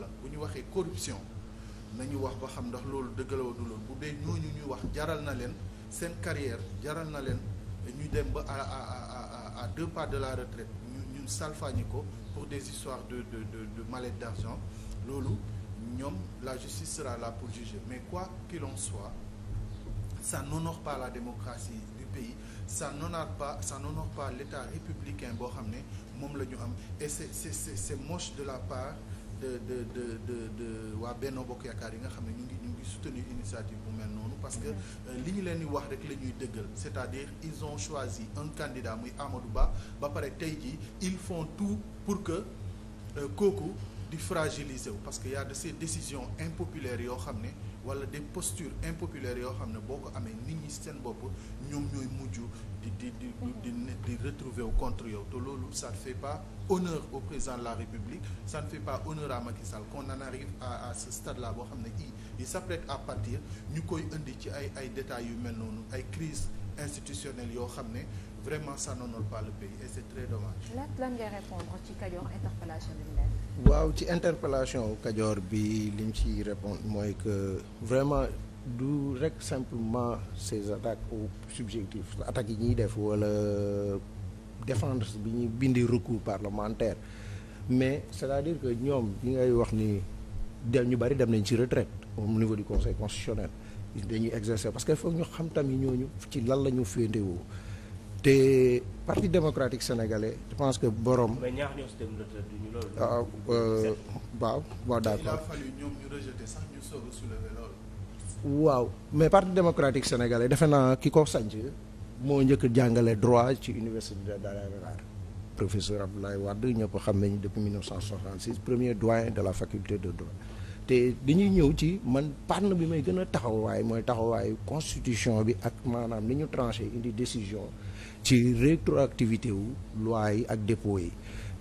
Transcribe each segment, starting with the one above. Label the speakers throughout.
Speaker 1: la bu ñu waxee corruption nañu wax ba xam ndax loolu dëgg la du loolu bu dee ñooñu ñuy wax jaral na leen seen carrière jaral na leen ñu dem ba à à à à deux pas de la retraite ñu ñu salfaañi ko pour des histoires de de de de mallette d'argent loolu ñoom la justice sera là pour juger mais quoi qu'il en soit ça n'honore pas la démocratie du pays ça n'honore pas ça n'honore pas l'état républicain boo xam ne moom la ñu am et c'est c'est c'est moche de la part de de de de de waa Benno Bokk Yaakaar yi nga xam ne ñu ngi ñu ngi soutenir initiative bu mel noonu parce que mm-hmm. euh, li ñu leen di wax rek la ñuy dëggal c'est-à-dire ils ont choisi un candidat muy Amadou Ba ba pare tey jii ils font tout pour que euh, kooku di fragiliser wu parce que y de ces décisions impopulaires yoo xam ne wala des postures impopulaires yoo xam ne boo ko amee nit ñi seen bopp ñoom ñooy mujj di di di di di retrouver wu contre yow te loolu ça ne honneur au président de la République ça ne fait pas honneur à Macky Sall qu'on arrive à stade là boo xam ne i il s'apprête à partir ñu koy indi ci ay ay détails yu mel noonu ay crise institutionnelle yoo xam ne vraiment ça n'honore pas le pays et c'est très dommage. lan lan ngay répondre ci Kajoor interpellation bi mu
Speaker 2: waaw ci interpellation Kajoor bi lim mu ciy répondre mooy que vraiment. du rek simplement ces attaques au subjectif attaques yi ñuy def wala defendre bi ñuy bindi recours parlementaire mais c'est-à-dire que ñoom ñi ngay wax ni dem ñu bari dem nañ ci retraite au niveau du conseil constitutionnel dañuy exercer parce que foog ñu xam tamit ñooñu ci lan la ñu féetewoo te parti démocratique sénégalais je pense que borom. mais dem retraite du ñu loolu. waaw ah, euh, waaw waaw d'accord il a
Speaker 1: a soulever
Speaker 2: loolu. mais parti démocratique sénégalais defe naa ki ko sañc moo njëkk jàngale droit ci université de Dakar professeur Abdoulaye Wade ñëpp xam nañu depuis 1966 premier doyen de la faculté de droit te dañuy ñëw ci man panne bi may gën a taxawaay mooy taxawaayu constitution bi ak maanaam li ñu tranché indi décision ci rétroactivité wu loi yi ak dépôt yi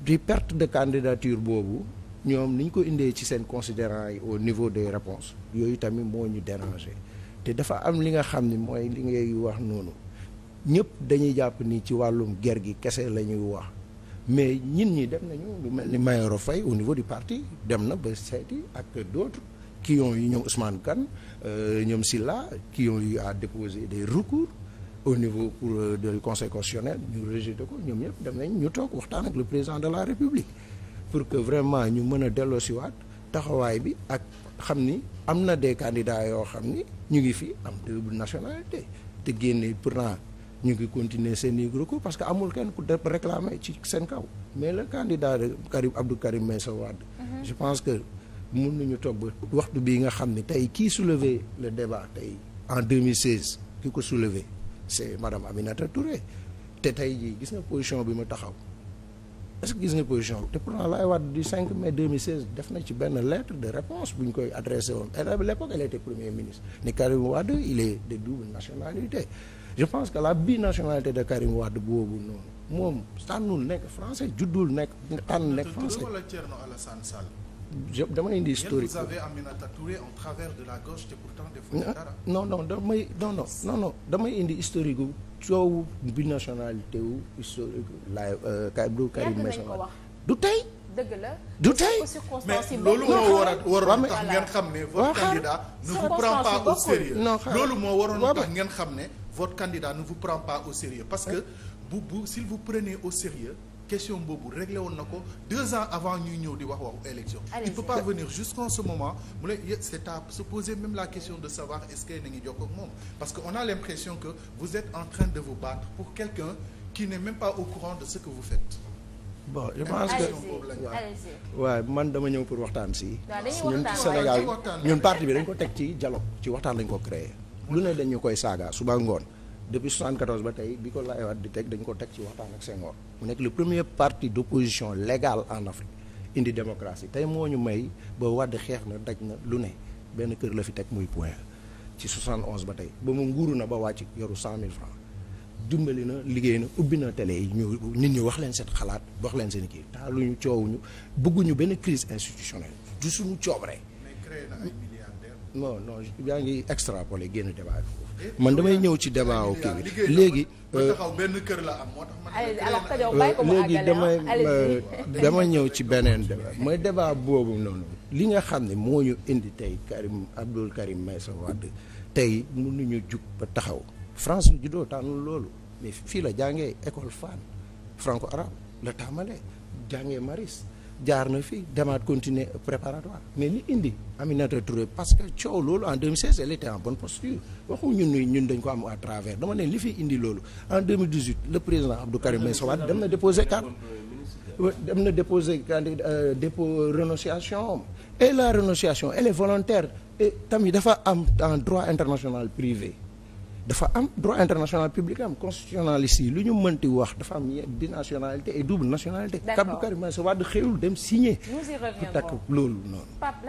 Speaker 2: di perte de candidature boobu ñoom ni ñu ko indee ci seen considérant yi au niveau des réponses yooyu tamit moo ñu dérangé te dafa am li nga xam ni mooy li ngay wax noonu ñëpp dañuy jàpp ni ci wàllum ger gi kese la ñuy wax mais ñin ñi dem nañu lu mel ni Mayoro Faye au niveau du parti dem na ba seeti ak d'autres qui ont eu ñoom Ousmane Kane euh, ñoom Silla qui ont yu à déposer des recours au niveau pour euh, du conseil constitutionnel ñu rejeté ko ñoom ñëpp dem nañ ñu toog waxtaan ak le président de la république pour que vraiment ñu mën a delloo si waat taxawaay bi ak xam ni am na des candidats yoo xam ni ñu ngi fi am double nationalité te génne pourtant ñu ngi continuer seen i recours parce que amul kenn ku def réclamer ci seen kaw mais le candidat de Karim Abdou Karim Meïssa Wade mhm. je pense que mën nañu toog waxtu bii nga xam ne tey kii soulever le débat tey en 2016 ki ko soulever c'est madame Aminata Touré te tey jii gis nga position bi mu taxaw est-ce que gis nga position te pourtant Laay Wade du 5 mai def na ci benn lettre de réponse bu ñu koy adressé woon à l'époque elle était premier ministre ne Karim Wade de je pense que la binationalité de Karim Wade boobu noonu moom tànnul nekk français juddul nekk tànn nekk français. wala indi historique vous avez ah, damay indi historique gu coowu binationalité wu historique laay euh, Karim Karim Meïssa du tey. du tey loolu moo a waroon tax ngeen xam ne. votre candidat ne
Speaker 1: vous xam ne. votre candidat ne vous prend pas au sérieux parce que bu bu s'il vous prenez au sérieux question boobu réglé woon na ko deux ans avant ñuy ñëw di wax waxu élection il peut pas venir jusqu'en ce moment mu lay c'est à se poser même la question de savoir est-ce que na ngi jokkoo moom parce que on a l'impression que vous êtes en train de vous battre pour quelqu'un qui n'est même pas au courant de ce que vous faites
Speaker 2: je pense que waaw man dama ñëw pour waxtaan si ñun Sénégal ñun parti bi dañ ko teg ci dialogue ci waxtaan lañ ko créer lu ne dañu koy saaga suba ngoon depuis 74 ba tey bi ko Laay di teg dañ ko teg ci waxtaan ak Senghor mu nekk le premier parti d'opposition légal en Afrique indi démocratie tey moo ñu may ba Wàdd xeex na daj na lu ne benn kër la fi teg muy point ci 71 ba tey ba mu nguuru na ba wàcc yoru cent 000 francs dimbali na liggéey na ubbi na télé yi nit ñi wax leen seen xalaat wax leen seen kii ñu taaluñu ñu bëgguñu benn crise institutionnelle du suñu non non yaa ngi extrapolé génn débat bi eh, man damay ñëw ci débat kii bi léegi. Euh,
Speaker 1: benn kër la am moo tax damay ah. euh, damay ñëw
Speaker 2: ci beneen débat mooy débat boobu noonu li nga xam ne moo ñu indi tey Karim Abdoul Karim Meïssa Wade tey ñu jug ba taxaw France ñu juddoo tànnul loolu mais fii la jàngee école Fann franco arabe la tàmbalee jàngee Maris. jaar na fi demaat continuer préparatoire mais li indi Aminata Touré parce que coow loolu en 2016 elle était en bonne posture waxu ñun ñun dañ ko am à travers dama ne li fi indi loolu en 2018 le président Abdou Karim Meïssa Wade dem na déposer carte dem na déposer euh, dépôt renonciation am et la renonciation elle est volontaire et tamit dafa am en droit international privé dafa am droit international public am constitutionnaliste yi lu ñu mënti wax dafa am di binationalité et double nationalité. d' accord Karim Meïssa Wade xëyul dem signé. nous takk loolu noonu.